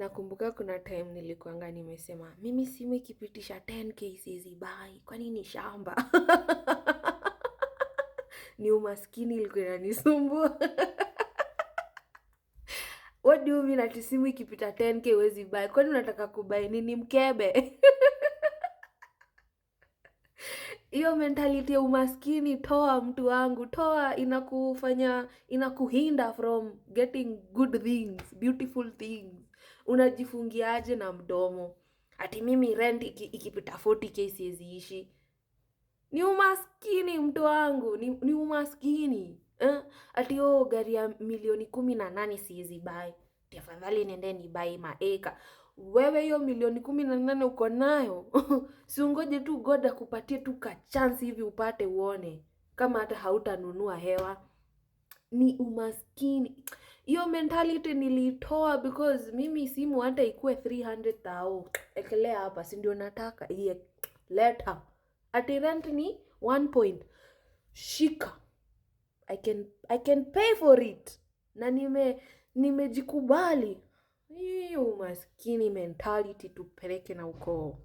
Nakumbuka kuna time nilikuanga nimesema, mimi simu ikipitisha 10k siwezi kwani ni shamba? Ni umaskini ilikuwa inanisumbua. What do you mean ati simu ikipita 10k huwezi Kwani unataka kubuy nini, mkebe? hiyo mentality ya umaskini, toa mtu wangu, toa. Inakufanya, inakuhinda from getting good things, beautiful things. Unajifungiaje na mdomo ati mimi rent iki, ikipita 40k siwezi ishi? Ni umaskini mtu wangu, ni, ni umaskini eh? Ati oh, gari ya milioni kumi na nane siwezi buy tafadhali nendeni bai maeka. Wewe hiyo milioni kumi na nane uko nayo siungoje tu God akupatie tu ka chance hivi upate uone kama hata hautanunua hewa. Ni umaskini hiyo mentality nilitoa, because mimi simu hata ikuwe tao ekelea hapa, si ndio nataka iye leta ati rent ni 1 point shika, I can I can pay for it na nime nimejikubali. Hii umaskini mentality tupeleke na ukoo.